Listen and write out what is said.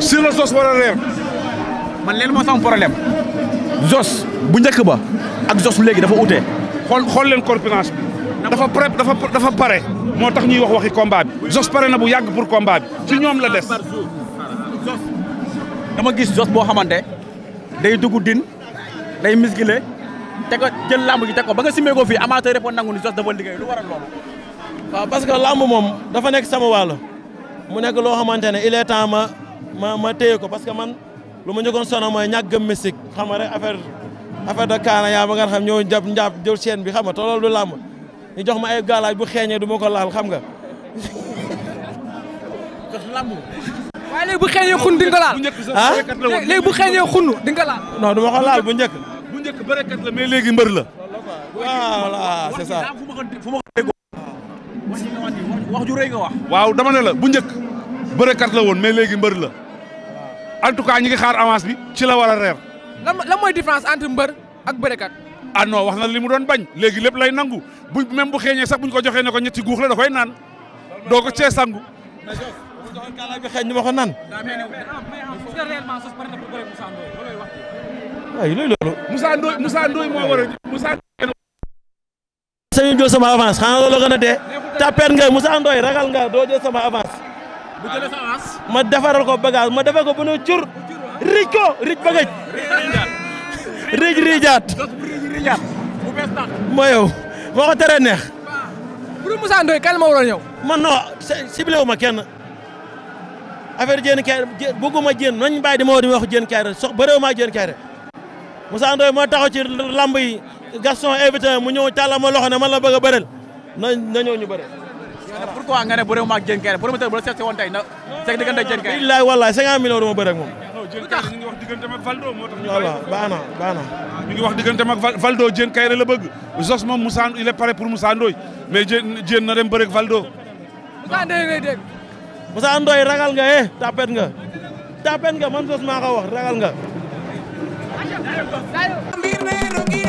sur la sos war a reer man leen moo sama problème jos bu njëkk ba ak jos léegi dafa ute xol xool leen corpulence bi dafa pré dafa dafa pare moo tax ñuy wax waxi combat bi jos pare na bu yàgg pour combat bi ci ñoom la des dama gis jos boo xamante day dugg din day misgile te ko jël lamb ji teg ko ba nga simee ko fii amateur répond nangu ni jos dafa liggéey lu waral loolu waaw parce que lamb moom dafa nekk sama wàll mu nekk loo xamante ne il est temps ma ma téye ko parce que man lu ma njëkkoon sono mooy ñàkk gëm mystique xam nga rek affaire affaire kaana yaa ba nga xam ñëw jàpp njàpp jël chaîne bi xam nga te du làmb ñu jox ma ay galaaj bu xeeñee du ma ko laal xam nga. léegi bu xeeñee xun di laal. ah du ma laal bu njëkk. bu njëkk bërekat la mais léegi mbër la. waaw dama ne la bu njëkk. bërëkat la woon mais léegi mbër la en tout cas ñi ngi xaar avance bi ci la war a reer. lan lan mooy différence entre mbër ak bërëkat. ah non wax na li mu doon bañ léegi lépp lay nangu bu même bu xeeñee sax buñ ko joxee ne ko ñetti guux la da koy naan doo ko cee sangu. mais jox bu joxee kàllaay bi xeeñ ni ma ko naan. waaye loolu loolu. Moussa Ndoye Moussa Ndoye moo war a Moussa. sañu jël sama ragal nga doo jël sama avance. ma defaral ko bagage ma defal ko ba ne cur. rij ko rij ba gëj. rij rijaat. bu bees ma yow moo ko teree neex. bu dul Moussa Ndoye ma waroon ñëw. man non ciblé wu ma kenn. affaire Diène Kaïré bëgguma Diène nañ bàyyi di ma woo di wax Diène Kaïré sox bëréew maa Diène Kaïré Moussa Ndoye moo taxaw ci lamb yi mu ñëw tàlla ma loxo ne man la bëgg a bëreel na ñëw ñu bëreel pourquoi nga ne bëre ma ak Diène Kairé promoteur bu la seet si woon tey na seet diggante Diène Kairé billaay ma bëre moom Diène Kairé ñu ngi wax diggante mag Valdo moo tax voilà baax na baax ah, la bëgg Zos moom Moussa il est paré pour Moussa Ndoye mais Diène na dem bëre ak Valdo Moussa Ndoye ngay dégg Moussa Ndoye ragal nga eh tapet nga tapet nga man Zos maa ko wax ragal nga